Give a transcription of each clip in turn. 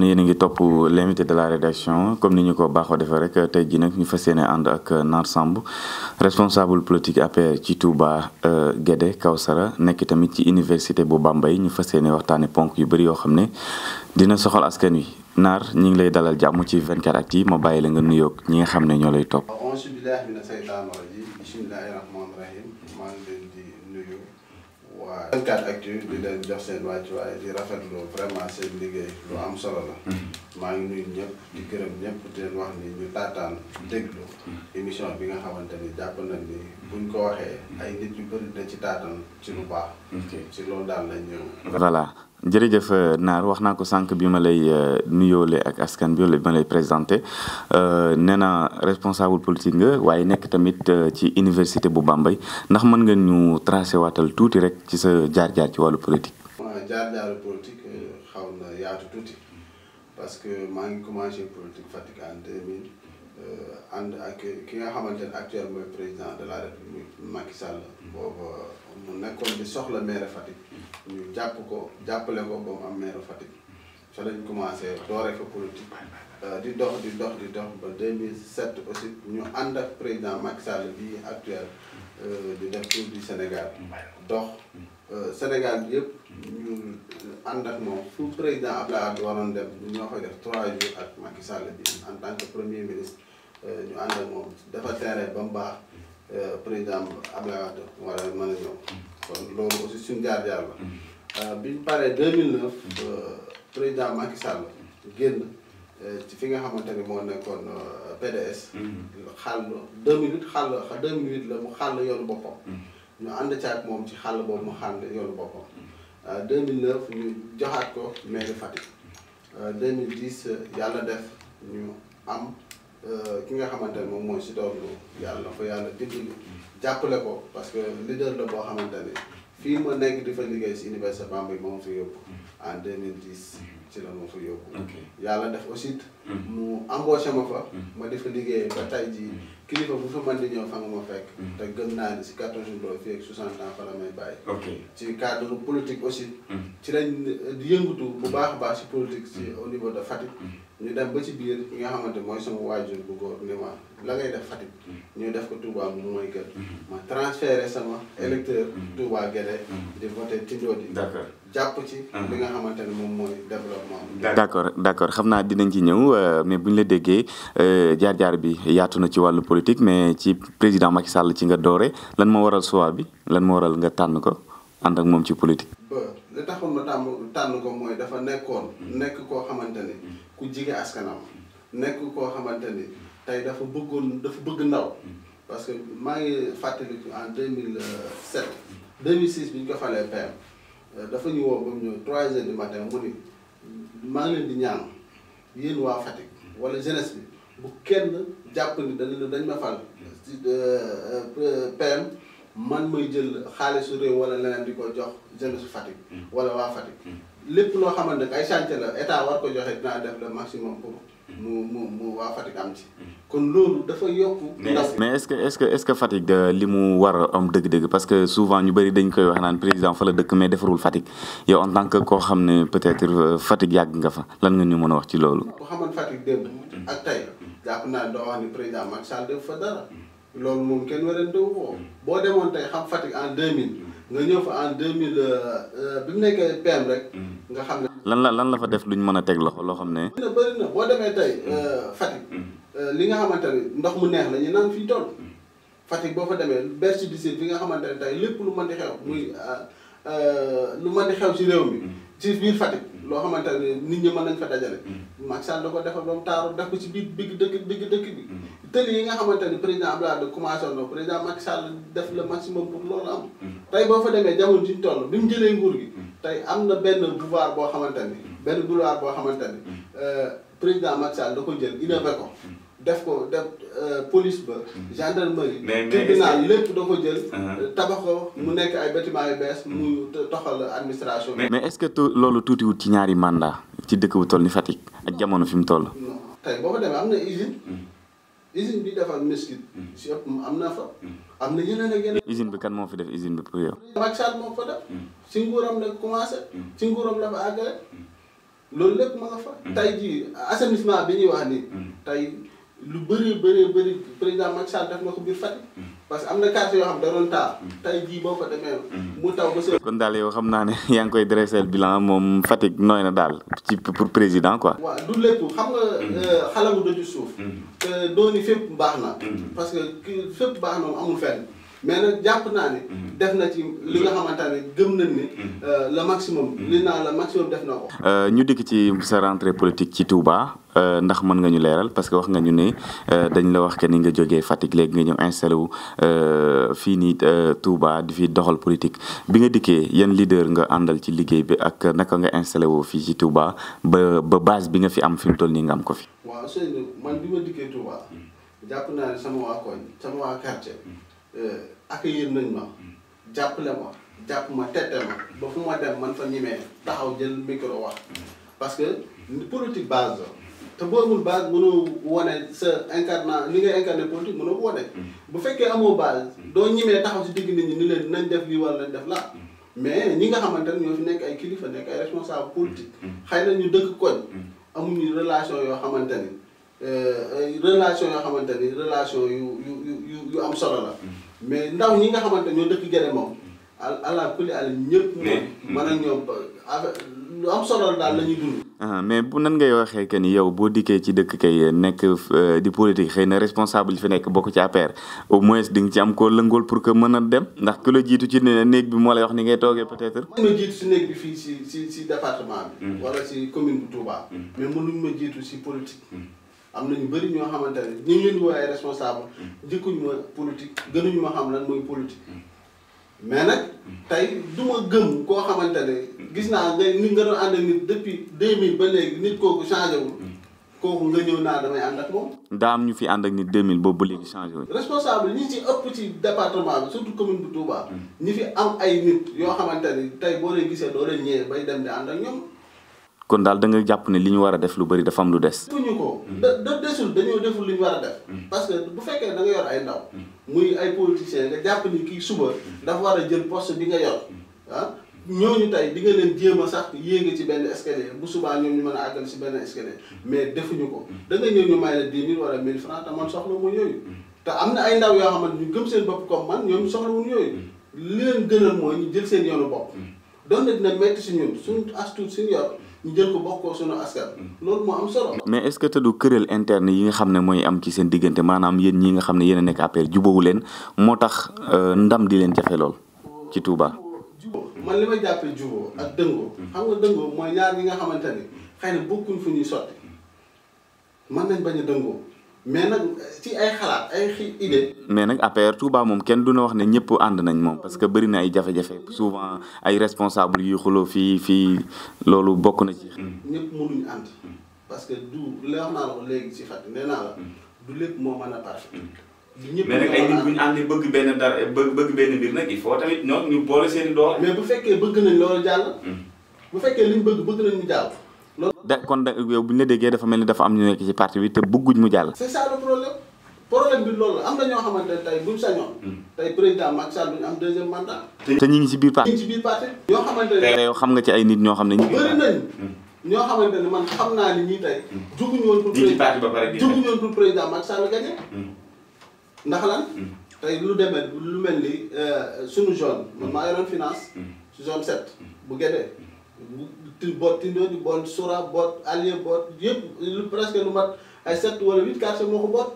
ne yéen a ngi topp l'invité de la rédaction comme ni ñu ko baaxoo defee rek tey jii nag ñu fa yéene ànd ak Nar Samb responsable politique APR ci Touba euh, Guédé Kawsara nekk tamit ci université bu Bambey ñu fas yéene waxtaane ponk yu bëri yoo xam ne dina soxal askan wi naar ñi ngi lay dalal jàmm ci 24 actu yi ma bàyyi la nga nuyoog ñi nga xam ne ñoo lay topp. 24 actu di leen jox seen wàccuwaay di rafetlu vraiment seen liggéey lu am solo la. Mm-hmm. maa ngi nuyu ñëpp di gërëm ñëpp di wax ni ñu taataan déglu émission bi nga xamante ni jàpp nañ ni buñ ko waxee ay nit yu jërëjëf euh, Naar wax naa ko sànq bi ma lay euh, nuyoole ak askan bi bi ma lay présenté euh, nee na responsable politique nga waaye nekk tamit ci université bu Bambey ndax mën nga ñu tracé waatal tuuti rek ci sa jaar-jaar ci wàllu politique. jaar-jaaru politique xaw na yaatu tuuti. parce que maa ngi commencé politique Fatick en 2000 euh, ànd ak ki nga xamante ne actuellement mooy président de la république Macky Sall. boobu mu nekkoon di soxla maire Fatick. ñu jàpp ko jàppale ko ba mu am maire Fatick. fa lañ commencé doore fa politique euh, di dox di dox di dox ba 2007 aussi ñu ànd ak président Macky Sall bii actuel euh, di def tour du Sénégal dox. Euh, Sénégal bi yëpp ñu euh, ànd moom fu président Abdoulaye Wade waroon dem ñoo koy def trois jours ak Macky Sall bi en tant que premier ministre euh, ñu ànd ak moom dafa teeree ba mu baax président Abdoulaye Wade war a mën a ñëw kon loolu aussi suñu jaar-jaar la bi ñu paree 2009 président Macky Sall génn ci fi nga xamante ni moo nekkoon PDS. Mm-hmm. xàll 2008 xàll 2008 la mu xàll yoonu boppam. Mm-hmm. ñu ànd caag moom ci xàll boobu mu xàll yoonu boppam 2009 euh, ñu joxaat ko mairie Fatick 2010 euh, yàlla def ñu am euh, ki nga xamante ne moom mooy si doolu yàlla na ko yàlla dimbali jàppale ko parce que leader la boo xamante ne fii ma nekk di fa liggéey si université Bambey moom fi yóbbu en 2010 ci la ma fa yóbbu. yàlla def aussi. Mm. mu embauché ma fa. Mm. ma di fa liggéey ba tey jii mm. kilifa bu fa mën di ñëw fa fekk. te gën naa ni si 14 jours fii ak 60 ans fa la may bàyyi. ci cadre politique aussi. ci lañ yëngatu bu baax a baax si politique si au niveau de Fatick. ñu dem ba ci biir ñi nga xamante mooy sama waajur bu góor ne ma la ngay def Fatick ñu def ko Touba moom mooy kër mm-hmm. ma transféré sama électeur mm-hmm. Touba Guédé mm-hmm. di voté Tindodi d'accord jàpp ci li nga xamante ne moom mooy développement d'accord d'accord xam naa dinañ ci ñëw euh, mais bu ñu la déggee euh, jaar-jaar bi yaatu na ci wàllu politique mais ci président Macky Sall ci nga doore lan moo waral choix bi lan moo waral nga tànn ko ànd ak moom ci politique ba li ma tànn ku jige askanam nekk koo xamante ni tey dafa bëggoon dafa bëgg ndaw parce que maa ngi fàttaliku en 2007 2006 bi ñu ko falee PM dafa ñu woo ba mu ñëw 3 heures du matin mu ni maa ngi leen di ñaan yéen waa Fatick wala jeunesse bi bu kenn jàpp ni dañ dañ ma fal ci euh, euh, PM man may jël xaalisu réew wala leneen di ko jox jeunesse su Fatick wala waa Fatick lépp loo xamante ne ay chantier la état war ko joxe dinaa def le maximum pour mu mu waa Fatick am ci. kon loolu dafa yokku. mais est-ce que est-ce que est-ce que Fatick li mu war a am dëgg-dëgg parce que souvent ñu bëri dañ koy wax naan président fa la dëkk mais defarul Fatick yow en tant que koo xam ne peut-être euh, Fatick yàgg nga fa lan nga ñu mën a wax ci loolu. ku xamoon Fatick démb ak tey jàpp naa loolu moom kenn wareen dëw boo demoon tey xam Fatick en 2000. nga ñëw fa en deux mille euh, bi mu nekkee PM rek. Mm. nga xam ne. lan la lan la fa def luñ mën a teg loxo loo xam ne. bëri na bëri na boo demee tey mm. euh, Fatick. Mm. Euh, li nga xamante ne ndox mu neex la ñu naan fii toll. Fatick boo ko demee berche du sud bi nga xamante ne tey lépp lu mën di xew muy lu man di xew ci réew mi. ci biir Fatick. loo xamante ne nit ñi mën nañ fa dajale. Macky Sall da ko defar ba mu taaru def ko ci biir digg dëkk digg dëkk bi. tëli yi nga xamante ni président Abdoulaye Wade commencé woon na président Macky Sall le maximum pour loolu am. Mm-hmm. tey boo fa demee jamono ji ñu toll bi mu jëlee nguur gi. Mm-hmm. tey am na benn pouvoir boo xamante ni. benn boulevard boo xamante ni. Mm-hmm. Euh, président Macky Sall da ko jël innové ko. def ko def euh, police ba. gendarmerie. mais tribunal lépp da ko jël. Uh-huh. tabax ko mu nekk ay bâtiment yu bees. mu toxal administration bi. mais est-ce que loolu tuutiwut ci ñaari mandat ci dëkk bu toll ni Fatick ak jamono fi mu toll. non usine bi defar meskit. si ëpp am na fa. Mm-hmm. am na yeneen ak yeneen. usine bi kan moom fi def usine bi pour yow. Macky Sall moo fa def. Mm-hmm. si nguuram la commencé. Mm-hmm. si nguuram la fa àggale. loolu lépp ma nga fa. tey jii assainissement bi ñuy wax nii. tey lu bëri bëri bëri président Macky Sall def na ko biir Fatick. parce que am na carte yoo xam da doon taa. Mm. tey jii boo mm. mu taw ba kon daal yow xam naa ne yaa ngi koy dressé bilan moom Fatick nooy na daal ci pour président quoi. waaw du lépp xam nga. Mm. Euh, xalamu daju suuf. te euh, dooni fépp baax na. parce que fépp baax na amul fenn. mais jàpp naa ne. Mhm. def na ci li nga xamante ne gëm nañ ne. Mhm. Euh, le maximum. Mhm. li naa la maximum def na ko. Euh, ñu dikk ci sa rentrée politique ci Touba euh, ndax mën nga ñu leeral parce que wax nga ñu ne dañ la wax que ni nga jógee Fatick léegi nga ñëw installé wu fii nii Touba di fi doxal politique bi nga dikkee yan leader nga àndal ci liggéey bi ak naka nga installé woo fii ci Touba ba ba base bi nga fi am fi mu toll nii nga am ko fi. waaw Seydou man bi ma dikkee Touba jàpp naa ne sama waa koñ sama waa quartier. Euh, accueillir nañ ma jàppale ma jàpp ma tette ma ba fu ma dem man fa ñimee taxaw jël micro wax parce que politique base la te boo amul base mënoo wane sa incarna li ngay incarné politique mënoo ko wane bu fekkee amoo base doo ñimee taxaw si digg nit ñi ni leen nañ def lii wala nañ def la mais ñi nga xamante ne ñoo fi nekk ay kilifa nekk ay responsable politique xëy na ñu dëkk koñ amuñu relation yoo xamante ni euh, relation yoo xamante ni relation yu yu yu yu am solo la mais ndaw ñi nga xamante ñoo dëkk Guédé moom ala kulli ñëpp. moom hmm. ah, mais bu nan ngay waxee que ni yow boo dikkee ci dëkk kay nekk euh, di politique xëy na responsable fi nekk bokk ci APR au moins di nga ci am koo lëngool pour que mën a dem ndax ku jiitu ci néeg bi moo lay wax ni ngay toogee peut-être. mën ma jiitu si néeg bi fii si si si département bi. Hmm. wala si commune bu Touba. Hmm. mais mënuñ ma jiitu si politique. am na ñu bëri ñoo xamante ne ñu ngi leen di woowee responsable jëkkuñu ma politique gënuñu ma xam lan mooy politique mais nag tey du ma gëm koo xamante ne gis naa nga ni nga doon ànd ak nit depuis 2000 ba léegi nit kooku changé wul kooku nga ñëw naa damay ànd ak moom. daa am ñu fi ànd ak nit 2000 boobu ba léegi changé wul. responsable ñi si ëpp ci département bi surtout commune bu Touba. ñi fi am ay nit yoo xamante ni tey boo leen gisee doo leen ñëwee bay dem di ànd kon daal dangay jàpp ne li ñu war a def lu bëri dafa am lu des. defuñu ko. da da desul dañoo deful li ñu war a def. Mm. parce que bu fekkee da yor ay ndaw. muy ay politiciens nga jàpp ni kii suba mm. dafa war a jël poste bi nga yor mm. ah ñu tey di nga leen jéem a sax yéege ci benn escalier bu subaa ñoom ñu mën a àggal si benn escalier mais defuñu ko da nga ñëw ñu may la dix mille wala mille francs te man soxla wu yooyu. te am na ay ndaw yoo xamante ñu gëm seen bopp comme man ñoom soxla wu leen gënal mooy ñu jël seen yoonu bopp. doon na dina métti si ñun suñu as tuut suñu ñu bokkoo suñu askan. loolu moo am solo. mais est-ce que du këral interne yi nga xam ne mooy am ci seen diggante maanaam yéen ñi nga xam ne yéen a nekk APR jubóowu leen moo tax euh, ndam di leen jafe lool ci Touba. jubóo man li ma jàppee jubóo ak dëngoo. xam nga dëngoo mooy ñaar ñi nga xamante ne xëy na bokkuñ fu ñuy sotti nañ bañ dëngoo. mais nag ci ay xalaat ay xi idée mais nag APR Touba moom kenn du na wax ne ñëpp ànd nañ moom parce que bëri na ay jafe-jafe souvent ay responsable yuy xuloo fii fii loolu bokk na ci. ñëpp mënuñu ànd parce que du bëgg benn dara bëgg bëgg benn mbir nag il tamit ñoom ñu boole seen i mais bu fekkee bëgg nañ loolu jàll. Hmm. bu fekkee liñ bëgg bëgg nañ jàll. da kon da yow bu ñu la déggee dafa mel ni dafa am ñu nekk ci parti bi te bëgguñ mu jàll. c'est ça problème problème bi loolu am na ñoo xamante ne tey buñ sañoon. Hmm. tey président Macky Sall duñ ñu ngi ci biir parti. biir parti. ñoo xamante ne yow xam nga ci ay nit ñoo xam ne. ñu bëri man xam naa ni ñii tey. Hmm. juguñu woon pour président juguñu woon président Macky hmm. ndax lan. tey lu demee lu mel ni euh, suñu zone. man maa yoroon finance. zone 7 bu Guédé. boot Tindodi boot Sora boot Alié boot yëpp lu presque lu mat ay sept wala huit quartier moo ko boot.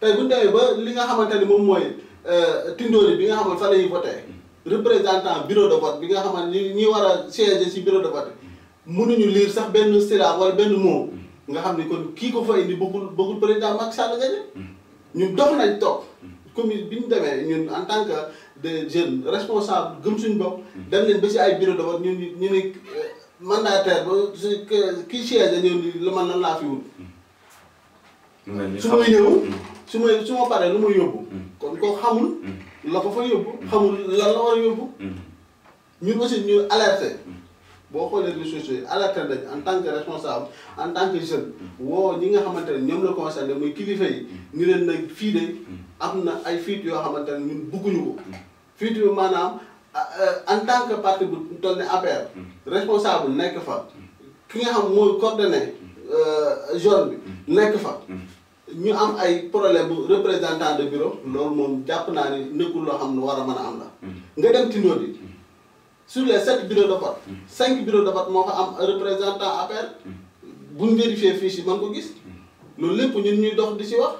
tey bu demee ba li nga xamante ni moom mooy euh, Tindodi bi nga xamante fa la ñuy voté représentant bureau de vote bi nga xamante ni ñi war a siéger ci bureau de vote mënuñu lire sax benn syllabe wala benn mot. nga xam ni kon kii ko fa indi bëggul bëggul président Macky Sall nga ñun dox nañ toog. commune bi ñu demee ñun en tant que des jeunes responsables gëm suñu bopp. dem leen ba ci ay bureau ñu ñu man naa su kii siège ñëw ni lu man lan laa fi wut. su ma ñëw. Mm. su may su ma paree lu may yóbbu. Mm. kon ko xamul. Mm. la ko fa yóbbu. xamul lan la war a yóbbu. ñun aussi ñu alerté. boo xoolee réseaux sociaux yi alerté dañ en tant que responsable en tant que jeune. woo ñi nga xamante ne ñoom la concerné muy kilifa yi. ñu leen nag fii de am na ay fuites yoo xamante ne ñun bëgguñu ko. fuite bi maanaam. Ah, euh, en tant que parti bu toll ne APR. responsable nekk fa. ki nga xam mooy coordonné euh, zone bi. nekk fa. ñu am ay problème bu représentant de bureau. loolu moom jàpp naa ni nekkul loo xam ne war a mën a am la. nga dem Tindodi. sur les sept bureaux de vote. cinq bureaux de vote moo fa am représentant APR. bu ñu vérifié fiche yi mën ko gis. loolu lépp ñun ñuy dox di si wax.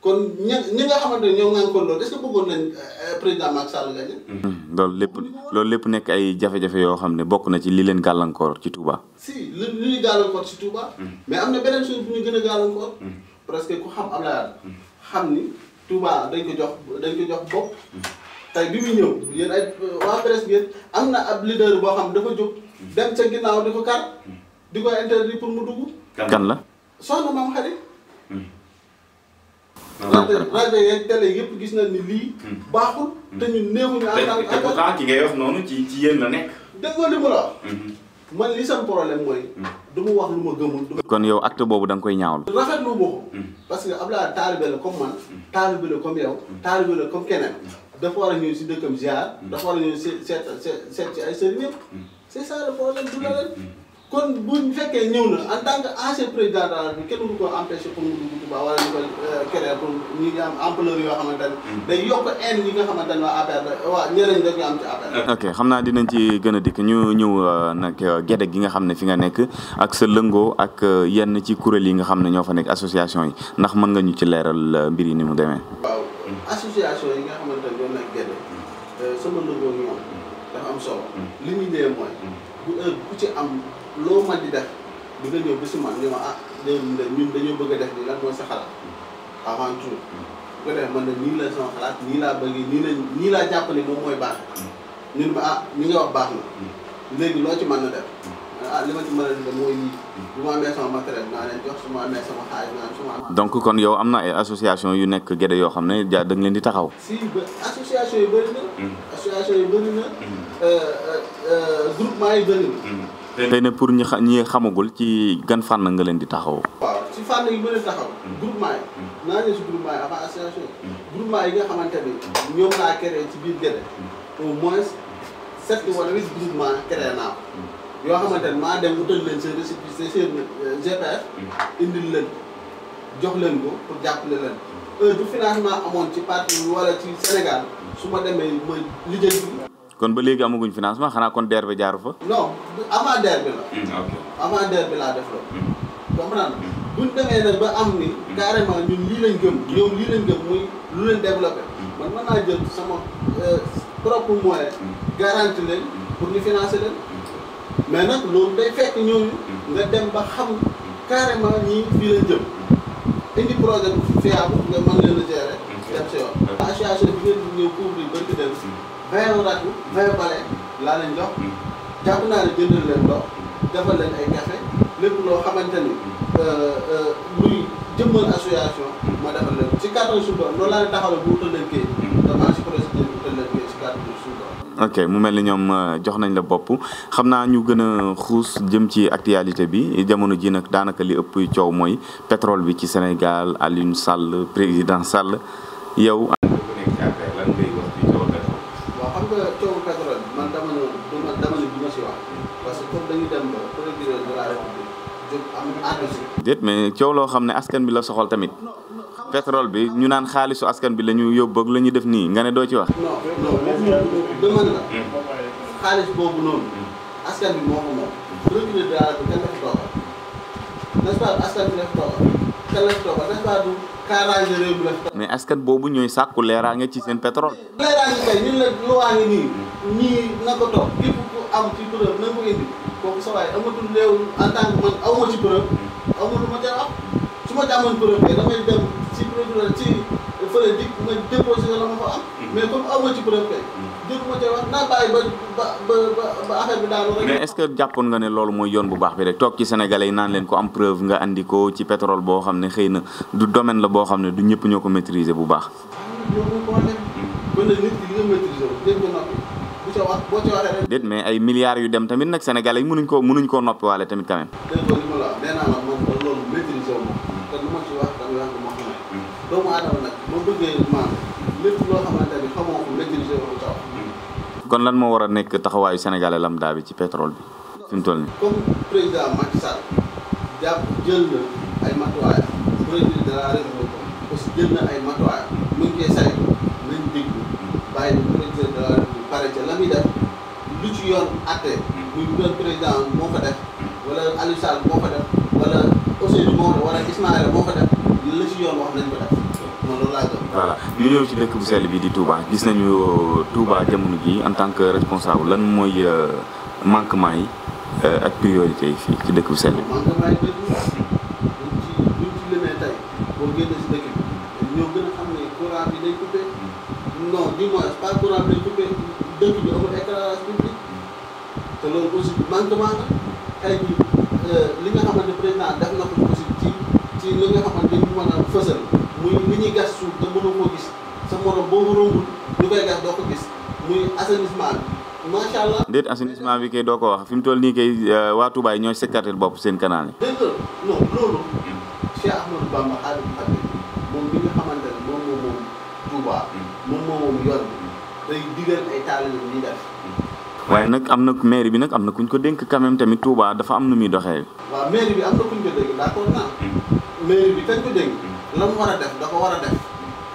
kon ñi ñi nga xamante ne ñoom ngaa ko loolu est bëggoon nañ euh, président Macky Sall gañe hmm, loolu lépp loolu lépp nekk ay jafe-jafe yoo xam ne bokk na ci li leen gàllankoor ci Touba. si li li ñuy gàllankoor ci Touba. Hmm. mais am na beneen chose bu ñu gën a gàllankoor. Hmm. parce que ku xam xam ni Touba jox dañ ko jox bopp. am na ab leader boo xam dafa jóg. dem ca ginnaaw di ko kar di ko interdit pour mu dugg. kan la soxna maam xarit. te rajo yeeg télé yëpp gis nañ ni lii. Hmm. baaxul te ñu néewuñu. en tant ci ci yéen la nekk. déggoo li mu la hmm. man hmm. du mu wax lu ma gëmul. kon yow boobu da nga koy ñaawlu. rafetlu ma que Abdoulaye taalibe la comme man. taalibe la comme yow. taalibe la comme keneen. dafa war a ñëw si dëkkam ziar. dafa war a ñëw seet seet seet ci ay sëriñ yëpp. c'est problème du la leen. kon buñ fekkee ñëw na en tant que ancien président kenn du ko empêché pour mu dugg Touba wala ñu ko euh, créer pour ñi nga am ampleur yoo xamante ne hmm. day nga xamante am ci APR. xam naa dinañ ci gën a dikk ñu ñëw euh, nag euh, gerte gi nga xam ne fi nga nekk ak sa lëngoo ak yenn ci kuréel yi nga xam ne ñoo fa nekk association yi ndax mën nga ñu ci leeral mbir yi ni mu demee. waaw association yi nga xamante ne ñoo nekk gerte sama lëngoo ñoom hmm. dafa am solo. Hmm. li muy dee mooy bu ci am. loo mën di def di nga ñëw bésu man ñu ma ah ñun dañoo bëgg a def nii lan mooy sa xalaat avant tout bu ko defee man ne nii la sama xalaat nii laa bëgg nii la nii laa jàpp ne moom mooy baax ñun ma ah ñu nga wax baax na léegi loo ci mën na def ah li ma ci mën a def mooy nii bu ma amee sama matériel naa leen jox su ma amee sama xaalis naa su ma amee donc kon yow am na ay association yu nekk Guédé yoo xam ne da nga leen di taxaw si ba association yu bëri na hmm. association yu bëri na hmm. euh, euh, euh, groupement yu bëri na hmm. tey pour ñi xa ñi xamagul ci gan fànn nga leen di taxaw waaw si fànn yi ma leen taxaw mm. groupement yi mm. naa groupement yi avant association yi mm. groupement yi nga xamante ni ñoom laa créé ci biir Guédé au moins sept wala huit groupement créé naa ko yoo xamante ni maa dem utal leen seen récépissé seen euh, GPF indil leen jox leen ko pour jàppale leen heure bu financement amoon ci parti wala ci Sénégal su ma demee ma lijjanti kon ba léegi amaguñ financement xanaa kon DER bi jaaru fa. non avant DER la. Hmm, avant DER laa def la. Hmm. comprendre hmm. bu ñu demee nag ba am ni. carrément ñun lii lañ gëm ñoom lii lañ gëm muy lu leen développé. man mën naa jël sama euh, propre moyen. garanti leen pour ñu financer leen. mais nag loolu day fekk ñooñu. nga dem ba xam carrément ñii fii lañ jëm. indi projet bu nga mën leen a gérer. dem si yoon. association bi ngeen ñëw couvrir bëgg dem si. vingt rajo laa leen jox jàpp naa ne jëndal leen ndox defal leen ay café lépp loo xamante euh, euh, luy jëmmal association ma defal leen ci cadre suñu doon loolu ok mu mel ni ñoom euh, jox nañ la bopp xam naa ñu gën a xuus jëm ci actualité bi jamono ji nag daanaka li ëpp coow mooy pétrole bi ci Sénégal Aliou Sall président Sall yow. déet mais coow loo xam ne askan bi la soxal tamit petrol bi ñu naan xaalisu askan bi la ñu yóbbu ak la def nii nga ne doo ci wax. non hmm. askan bi moo ko moom. askan mais askan boobu ñooy sàkku leeraange ci seen pétrole. leeraange ngi ci seen na kooku mais comme mm. ce que jàppoon nga ne loolu mooy yoon bu baax bi rek toog ci sénégalais yi naan leen ko am preuve nga andi ko ci pétrole boo xam ne xëy na du domaine la boo xam ne du ñëpp ñoo ko maîtriser bu baax ca wax mais ay milliards yu dem tamit nag Sénégalais yi mënuñ koo mënuñ koo noppiwaale tamit quand même. déggoo doomu aadama nag boo bëggee maanaam lépp loo xamante ni xamoo kon lan moo war a nekk taxawaayu sénégalais lambda bi ci pétrole bi fi toll nii. comme président Macky Sall jàpp jël na ay matuwaayam mu ngi koy saytu nañ déglu bàyyi na président de la pare ca la muy def lu ci yoon atte muy bu doon moo ko def wala Aliou moo ko def wala Ousseynou moo ko def la ci yoon wax nañ ko def moom loolu laa gëm ci dëkk bu sell bi di tuubaa gis nañu euh, tuubaa jamono ji en tant que responsable lan mooy euh, manquement yi euh, ak priorité yi fii ci dëkk bu sell bi manquement yi buñ ci limee tey boo génn si dëkk bi ñoo gën a xam ne courant bi day coupé non du moins pas courant bi day coupé dëkk bi amul éclairage public te loolu aussi manquement la tey jii euh, li nga xamante def na ko aussi nga xamante ni mën a ñuy gas suuf te mënoo koo gis sa morom boobu rombul ñu koy gas doo ko gis muy assainissement bi macha allah. déet assainissement bi kay doo ko wax fi mu toll nii kay euh, waa Touba yi ñooy secrétaire bopp seen canal yi. digal ay taalibe li def. waaye nag am na mairie bi nag am na kuñ ko dénk quand même tamit Touba dafa am nu muy doxee. waaw mairie bi am na kuñ ko dénk d'accord naa. mairie bi kañ ko dénk. la mu war a def da ko war a def.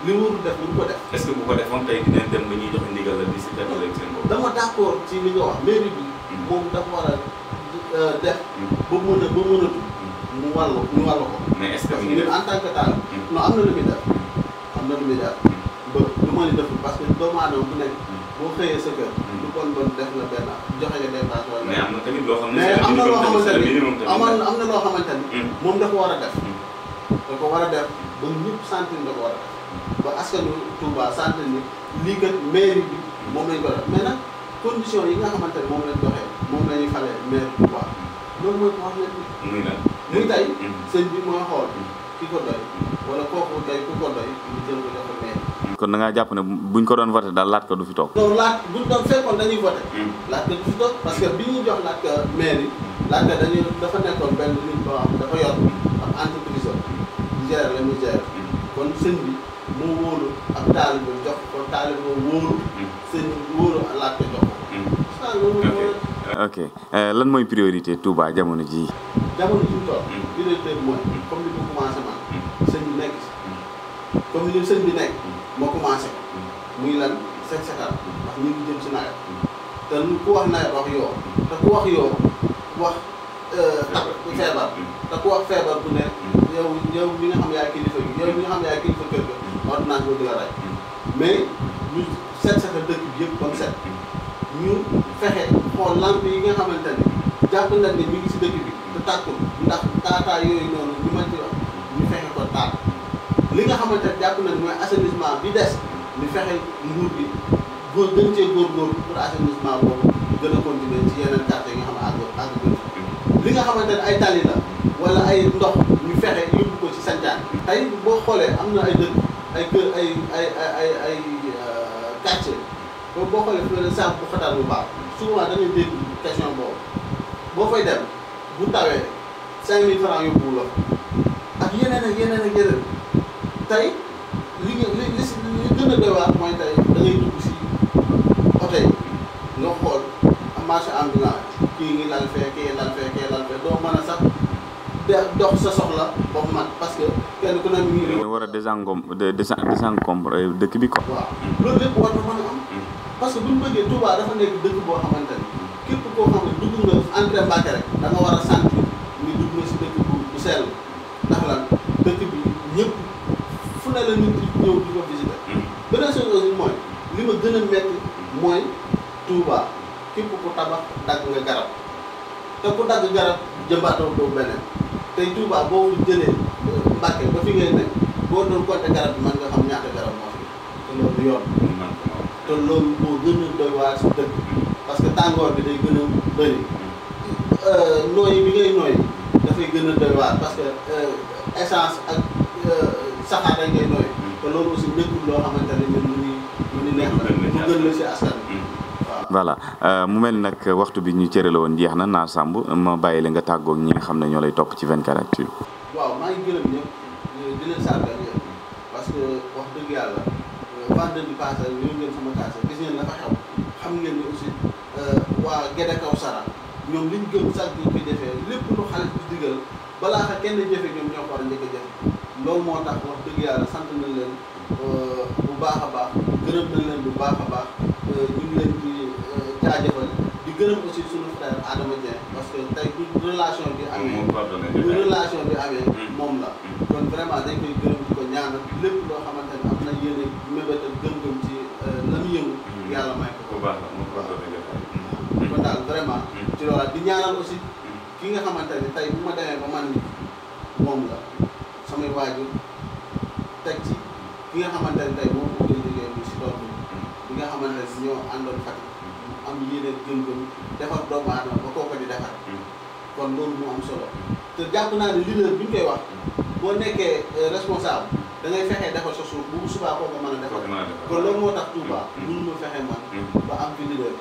li mu warul def du ko def. est-ce que bu ko defoon tey dinañ dem ba ñuy joxe ndigal la di si def rek seen bopp. dama d'accord ci li nga wax mairie bi. moom dafa war a euh, def. ba mën a ba mën a tudd. mu wàllu ñu wàllu ko. mais est-ce que ñu en tant que taal. Hmm. non am na lu muy def. am na lu muy def. ba lu ma ni def parce que doomu aadama bu nekk. boo sa kër. Hmm. lu bon bon def na joxe nga dépense wala. mais am na tamit am na loo xamante ni hmm. moom da war a def. Hmm. da war a def ba ñëpp sentir da ko war a def. ba askanu Touba sentir ni lii kat mairie bi moom lañ ko def condition yi nga xamante ne moom lañ joxee moom la ñuy falee maire Touba loolu mooy ko wax leen. muy lan muy bi mooy xool. kon nanga jàpp ne buñ ko doon voté daal laaj ko du fi toog. Hmm. parce que bi jox laaj ko maire yi laaj ko dafa nekkoon benn dafa yor am entreprise am gère hmm. kon sëñ bi moo wóolu ak taalibe jox ko taalibe moo wóolu. Hmm. sëñ bi wóolu laaj ko jox ko. ok euh, lan mooy priorité Touba jamono jii. jamono ji mu toll. directeur mooy comme li sëñ bi mm. moo commencé mm. muy set setal mm. ndax ngi jëm si nawet te ku wax nawet wax yoo te ku wax yoo wax tap euh, feebar te ku wax feebar bu ne yow yow mi nga xam yaay kilifa gi yow mi nga xam set setal dëkk bi yëpp comme set ñu fexe xool lamp yi nga xamante ne jàpp nañ ne ñu ngi si dëkk bi te tàkkul ndax taataa yooyu noonu ñu mën wax ñu fexe ko taat li nga xamante ne jàpp nañ mooy assainissement bi des ñu fexe nguur gi góor gën cee góor pour assainissement boobu gën a continuer ci yeneen quartier nga xam ne àgg àgg li nga xamante ne ay tali la wala ay ndox ñu fexe yóbbu ko ci santaan tey boo xoolee am na ay dëkk ay kër ay ay ay ay euh, quartier boobu boo xoolee fi leen sànq bu xatal bu baax souvent dañuy dégg question boobu boo fay dem bu tawee 5000 francs yóbbuwul la ak yeneen ak yeneen ak yeneen tey li nga li li si li gën a doy waar mooy tey da ngay dugg si oto yi nga xool marché ambulant kii ngi lal fee kii lal fee kii lal fee doo mën a sax dox sa soxla boobu man parce que kenn ku ne mi ngi. dañoo war a désencombre désencombre euh, dëkk bi quoi. waaw loolu lépp war na mën a am. parce que bu ñu bëggee Touba dafa nekk dëkk boo xamante ni képp koo xam ne dugg nga entrée Mbacké rek da nga war a sentir. gën a mooy Touba képp ku tabax dagg nga garab te ku dagg garab jëmbaatoo doo beneen tey Touba boo jëlee euh, Mbàkke ba fi ngay nekk boo doon compter garab bi mën nga xam ñaata garab moo fi te loolu yoon te loolu moo gën a doy waar si dëkk parce que tàngoor bi day gën a bëri euh, nooyi bi ngay nooyi dafay gën a doy parce que euh, essence ak saxaar rek ngay nooyi te loolu aussi nekkul loo xamante ne dugal na ci askan voilà euh, mu mel nag waxtu bi ñu cërale woon jeex na naa Samb ma bàyyi la nga tàggoog ñi nga xam ne ñoo lay topp ci 24 actu waaw maa ngi gërëm ñëpp di leen wax dëgg yàlla euh, vendredi passé ñëw ngeen sama kaase gis ngeen la fa xew xam ngeen ne aussi euh, waa Gédé Kaw Sara ñoom liñ gëm sax bi defee lépp lu xale bi digal balaa xa kenn jëfe ñoom ñoo ko njëkk jëfe loolu moo tax wax dëgg yàlla sant nañ leen euh, bu baax a baax gërëm nañ leen bu baax a baax euh, ñu ngi leen di euh, jaajëfal di gërëm aussi suñu frère Adama Dieng parce que tey bu relation bi amee bu relation bi amee mm. moom la mm. kon vraiment dañ koy gërëm di ko ñaanal lépp loo xamante ne am na yéene mébét ak gëm-gëm ci la mu yëngu mm. yàlla may ko baax la kon daal vraiment ci loolu di ñaanal aussi ki nga xamante ne tey bu ma demee ba man moom la waajur teg ci ki nga xamante ne tey moom moo koy liggéey mu si doom bi nga xamante si ñoo àndoon Fatick mu mm-hmm. am yéene gëm defar doomu aadama ba kooku di defar mm-hmm. kon loolu mu am solo te jàpp naa ne leader bi ñu koy wax mm-hmm. boo nekkee euh, responsable da ngay fexe defal sa suuf bu subaa koo ko mën a defal kon loolu moo tax Touba mënu ma fexe man ba am fi leader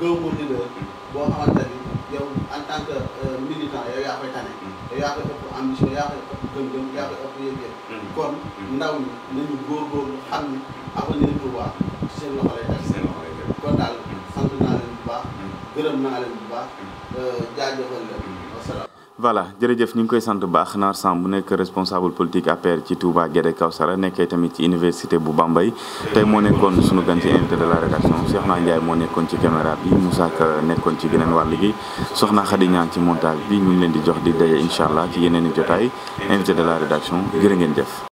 gëm leader boo xamante ni yow en tant que euh, militant yow yaa koy tane. Mm. yow yaa koy ëpp ambition yaa koy ëpp gëm-gëm yaa koy ëpp yëg mm. kon mm. ndaw ñi nañu góorgóorlu xam ni avenir Touba ci seen loxo lay def. seen loxo lay def kon daal sant naa leen bu baax. gërëm naa leen bu baax. Euh, voilà jërëjëf ñu ngi koy sant bu baax Naar Samb bu nekk responsable politique APR ci Touba Guédé Kawsara nekkee tamit ci université bu Bambey tey moo nekkoon sunu gan ci invité de la rédaction Soxna Ndiaye moo nekkoon ci caméra bi Moussa Ka nekkoon ci geneen wàll gi Soxna Khady Niang ci montage bi ñu leen di jox di daje incha allah ci yeneen i jotaay invité de la rédaction jërë ngeen jëf.